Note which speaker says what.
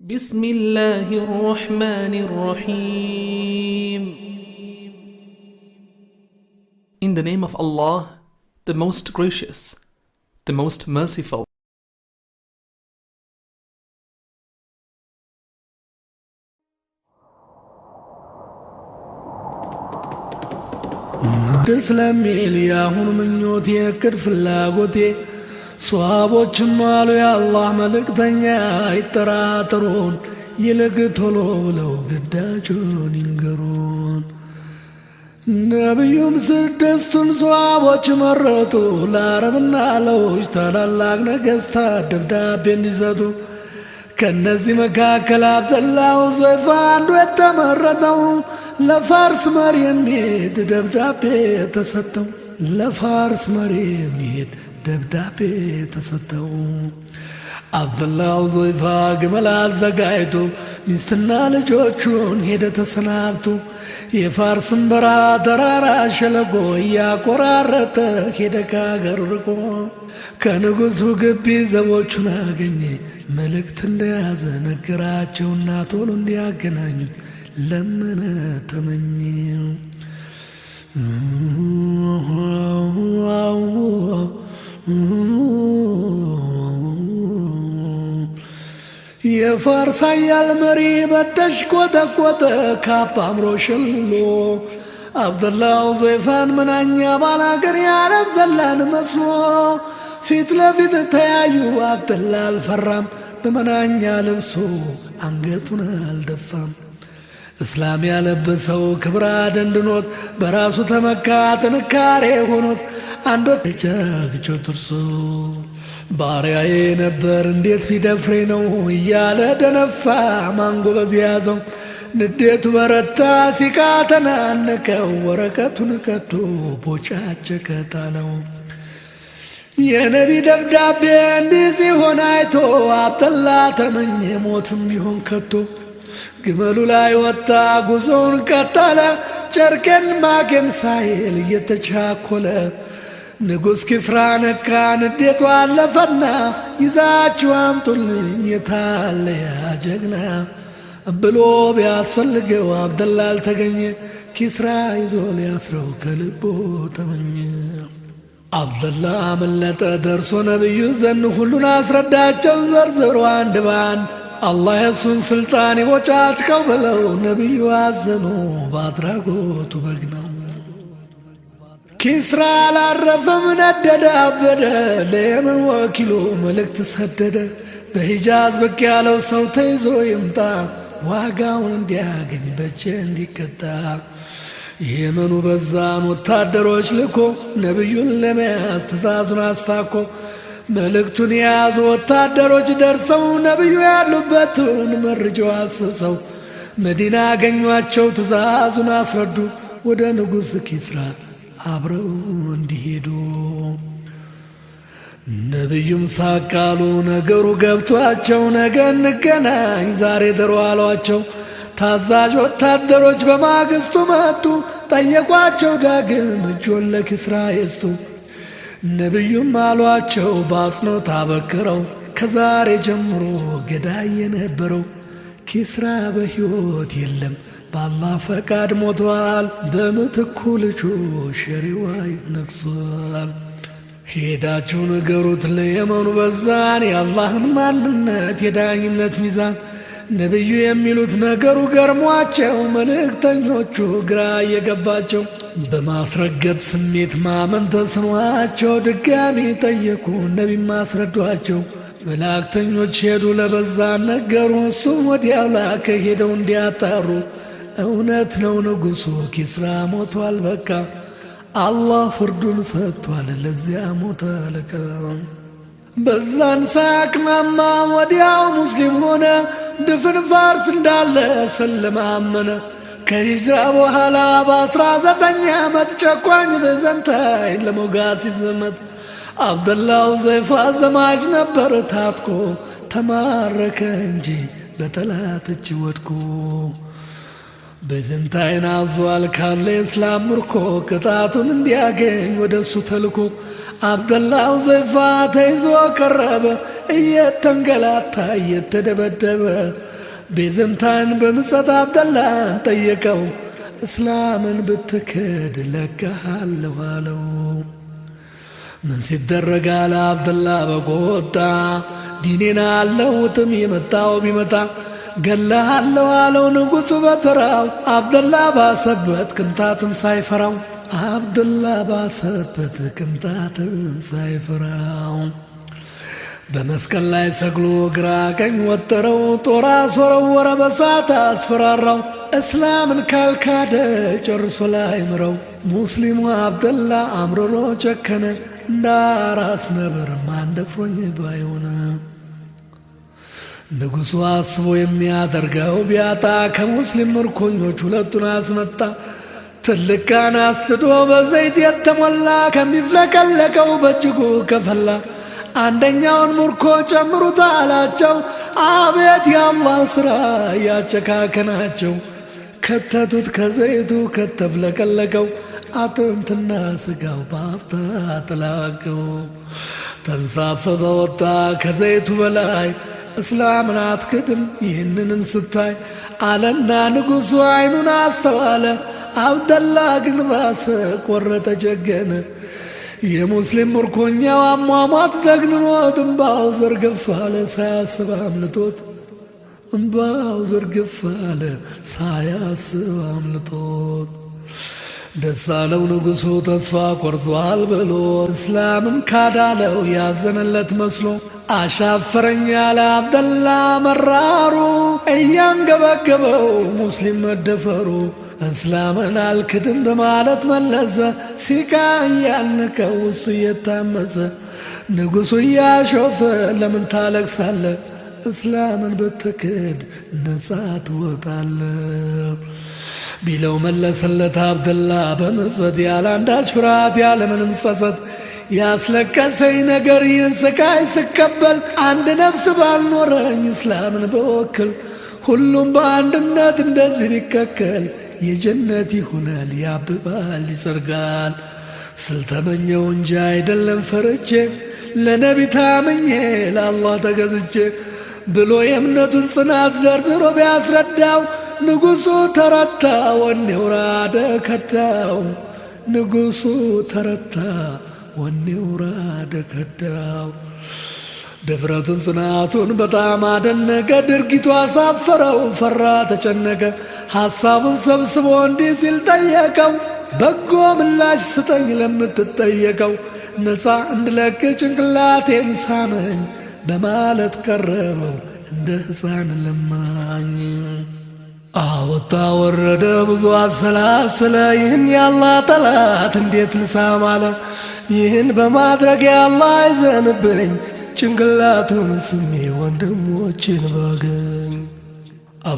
Speaker 1: بسم الله الرحمن الرحيم In the name of Allah, the most gracious, the most merciful.
Speaker 2: تسلم إلياه من يوتي كرف الله ሰዋቦችም አሉ የአላህ መልእክተኛ አይጠራጠሩን፣ ይልቅ ቶሎ ብለው ግዳጁን ይንገሩን። ነቢዩም ስድስቱን ሰዋቦች መረጡ፣ ለአረብና ለውጭ ታላላቅ ነገሥታት ደብዳቤ እንዲሰጡ። ከእነዚህ መካከል አብደላ ሁዘይፋ አንዱ የተመረጠው ለፋርስ መሪ የሚሄድ ደብዳቤ ተሰጠው። ለፋርስ መሪ የሚሄድ ደብዳቤ ተሰጠው። አብደላው ዞይፋ ግመል አዘጋጅቶ ሚስትና ልጆቹን ሄደ ተሰናብቶ የፋርስን በራ ተራራ ሸለቆ እያቆራረጠ ሄደ ከአገር ርቆ ግቢ ዘቦቹን አገኘ መልእክት እንደያዘ ነገራቸውና ቶሎ እንዲያገናኙት ለመነ ተመኘ። የፋርስ ኃያል መሪ በተሽ ቆጠቆጠ ካባ አምሮ ሽሎ አብደላው ዘይፋን ምናኛ ባላገር የአረብ ዘላን መስሎ ፊት ለፊት ተያዩ። አብደላ አልፈራም በመናኛ ልብሶ አንገቱን አልደፋም። እስላም ያለበሰው ክብራ ደንድኖት በራሱ ተመካ ጥንካሬ ሆኖት አንድ ወጥ ጃግቸው ትርሱ ባሪያዬ ነበር እንዴት ቢደፍሬ ነው እያለ ደነፋ ማንጎበዝ ያዘው ንዴቱ በረታ ሲቃ ተናነቀው ወረቀቱን ከቶ ቦጫጨቀ ጣለው። የነቢ ደብዳቤ እንዲህ ሲሆን አይቶ አብጠላ ተመኘ ሞትም ቢሆን ከቶ ግመሉ ላይ ወጣ ጉዞውን ቀጠለ ጨርቄን ማቄን ሳይል እየተቻኮለ ንጉሥ ኪስራ ነካ ንዴቱ አለፈና ይዛችሁ አምጡልኝ የታለያ ጀግና ብሎ ቢያስፈልገው አብደላ አልተገኘ ኪስራ ይዞ ሊያስረው ከልቦ ተመኘ። አብደላ መለጠ ደርሶ ነቢዩ ዘን ሁሉን አስረዳቸው ዘርዘሩ አንድ ባንድ አላህ የሱን ስልጣን ይቦጫጭቀው ብለው ነቢዩ አዘኑ በአድራጎቱ በግ ነው። ኪስራ አላረፈም ነደደ አበደ ለየመን ወኪሉ መልእክት ሰደደ። በሂጃዝ ብቅ ያለው ሰው ተይዞ ይምጣ ዋጋውን እንዲያገኝ በቼ እንዲቀጣ የመኑ በዛን ወታደሮች ልኮ ነቢዩን ለመያዝ ትእዛዙን አስታኮ መልእክቱን የያዙ ወታደሮች ደርሰው ነቢዩ ያሉበትን መርጀው አስሰው መዲና አገኟቸው ትእዛዙን አስረዱ ወደ ንጉሥ ኪስራ አብረው እንዲሄዱ ነቢዩም ሳቃሉ ነገሩ ገብቷቸው ነገ እንገናኝ ዛሬ ድሮ አሏቸው። ታዛዥ ወታደሮች በማግስቱ መጡ። ጠየቋቸው ዳግም እጆን ለኪስራ የስቱ ነቢዩም አሏቸው በአጽንኦት አበክረው ከዛሬ ጀምሮ ገዳይ የነበረው ኪስራ በሕይወት የለም በአላህ ፈቃድ ሞቷል። በምትኩ ልጁ ሸሪዋይ ነግሷል። ሄዳችሁ ንገሩት ለየመኑ በዛን የአላህን ማንነት የዳኝነት ሚዛን ነቢዩ የሚሉት ነገሩ ገርሟቸው መልእክተኞቹ ግራ እየገባቸው በማስረገጥ ስሜት ማመን ተስኗቸው ድጋሚ ጠየቁ ነቢ ማስረዷቸው። መላእክተኞች ሄዱ ለበዛን ነገሩ እሱም ወዲያው ላከ ሄደው እንዲያጣሩ እውነት ነው ንጉሱ ኪስራ ሞቷል በቃ አላህ ፍርዱን ሰጥቷል ለዚያ ሞተ አለቃ። በዛን ሳያቅማማ ወዲያው ሙስሊም ሆነ ድፍን ፋርስ እንዳለ ሰለማ አመነ። ከሂጅራ በኋላ በአስራ ዘጠኝ ዓመት ጨቋኝ በዘንታይ ለሞጋት ሲዘመት አብደላው ዘይፋ ዘማች ነበር ታጥቆ ተማረከ እንጂ በጠላት እጅ ወድቆ በዝንት አይን አዟል ካለ የእስላም ምርኮ ቅጣቱን እንዲያገኝ ወደ እሱ ተልኮ አብደላው ዘይፋ ተይዞ ቀረበ እየተንገላታ እየተደበደበ ቤዘንታይን በምጸት አብደላን ጠየቀው እስላምን ብትክድ ለቀሃለሁ አለው። ምን ሲደረግ አለ አብደላ በቆጣ ዲኔን የመጣው ቢመጣ ገላለው አለው ንጉሡ በተራው አብደላ ባሰበት ቅንጣትም ሳይፈራው አብደላ ባሰበት ቅንጣትም ሳይፈራው በመስቀል ላይ ሰግሎ ግራ ቀኝ ወጠረው ጦር አስወረወረ በሳት አስፈራራው እስላምን ካልካደ ጨርሶ ላይ ምረው ሙስሊሙ አብደላ አምርሮ ጨከነ እንዳራስ ነበር ማን ባይሆነ ንጉሡ አስቦ የሚያደርገው ቢያጣ ከሙስሊም ምርኮኞች ሁለቱን አስመጣ። ትልቅ አስትዶ በዘይት የተሞላ ከሚፍለቀለቀው በእጅጉ ከፈላ። አንደኛውን ምርኮ ጨምሩት አላቸው። አቤት የአላህ ሥራ ያጨካከናቸው። ከተቱት ከዘይቱ ከተፍለቀለቀው አጥንትና ሥጋው ባፍታ ተላቀው። ተንሳፈፈ ወጣ ከዘይቱ በላይ እስላምን አትክድም። ይህንንም ስታይ አለና ንጉሱ አይኑን አስተዋለ። አብደላ ግን ባሰ፣ ቆረጠ፣ ጀገነ። የሙስሊም ምርኮኛው አሟሟት ዘግንኖት እምባው ዘርግፍ አለ ሳያስብ አምልጦት እምባው ዘርግፍ አለ ሳያስብ አምልጦት ደሳለው ንጉሱ ተስፋ ቆርጧል ብሎ እስላምን ካዳለው ያዘነለት መስሎ አሻፈረኛ ለአብደላ አብደላ መራሩ እያንገበገበው ሙስሊም መደፈሩ እስላምን አልክድም በማለት መለሰ ሲቃ እያንከው እሱ እየታመዘ ንጉሱ እያሾፈ ለምን ታለቅሳለ? እስላምን ብትክድ ነጻ ትወጣለ ቢለው መለሰለት አብደላ በመጸት ያለ አንዳች ፍርሃት ያለምንም ጸጸት። ያስለቀሰኝ ነገር ይህን ስቃይ ስቀበል አንድ ነፍስ ባልኖረኝ እስላምን በወክል ሁሉም በአንድነት እንደዚህ ቢከከል የጀነት ይሆናል ያብባል ይጸርጋል። ስልተመኘው እንጂ አይደለም ፈርቼ ለነቢ ታምኜ ለአላህ ተገዝቼ ብሎ የእምነቱን ጽናት ዘርዝሮ ቢያስረዳው ንጉሱ ተረታ ወኔ ውራደ ከዳው ንጉሱ ተረታ ወኔ ውራደ ከዳው ድፍረቱን ጽናቱን በጣም አደነቀ። ድርጊቱ አሳፈረው፣ ፈራ ተጨነቀ። ሐሳቡን ሰብስቦ እንዲህ ሲል ጠየቀው፣ በጎ ምላሽ ስጠኝ ለምትጠየቀው፣ ነፃ እንድለቅ ጭንቅላቴን ሳመኝ በማለት ቀረበው እንደ ሕፃን ለማኝ። አወጣ ወረደ ብዙ አሰላሰለ። ይህን ያላ ጠላት እንዴት ልሳማለ! ይህን በማድረግ ያላ አይዘንብኝ ጭንቅላቱን ስሜ ወንድሞችን በግን